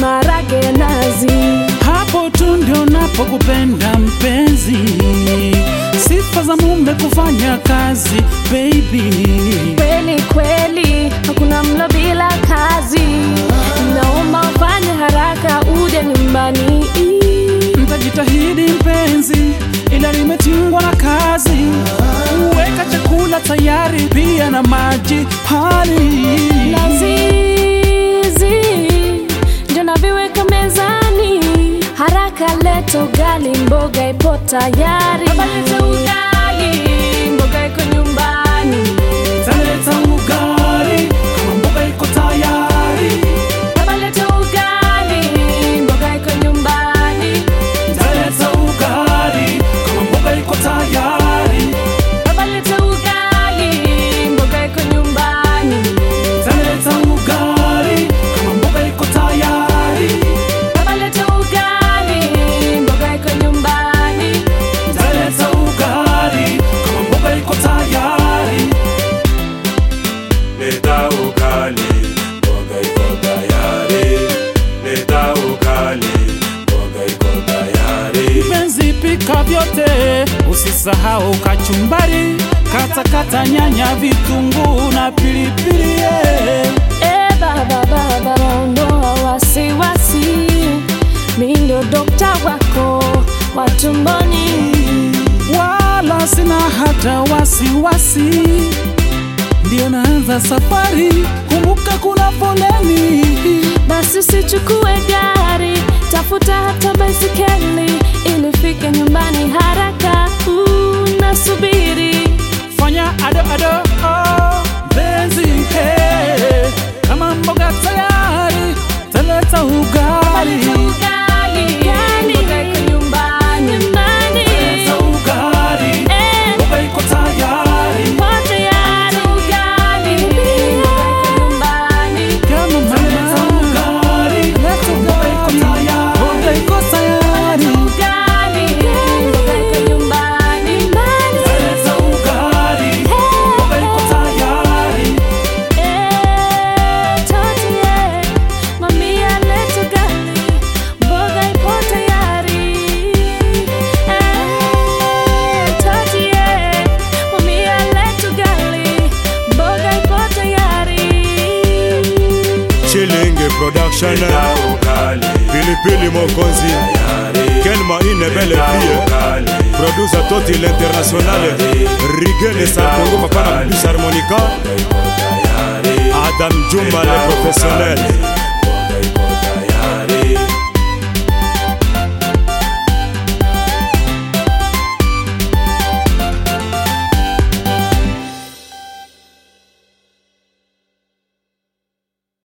marage nazi, hapo tu ndio napokupenda mpenzi, sifa za mume kufanya kazi baby, kweli kweli hakuna mlo bila kazi, naomba ufanye haraka uje nyumbani. ntajitahidi mpenzi, ila limetingwa na kazi, Uweka chakula tayari pia na maji hali togali, mboga ipo tayari. yote, usisahau kachumbari, kata kata nyanya, vitunguu na pilipili yeah. Hey, baba baba, ondoa wasiwasi, mimi ndo dokta wako wa tumboni, wala sina hata wasiwasi, ndio naanza safari, kumbuka kuna foleni, basi usichukue gari, tafuta production pilipili mokonzi kelma une belle fille produce à toti l'international rigene sakongo papa na plus harmonica adam jumba le professionnel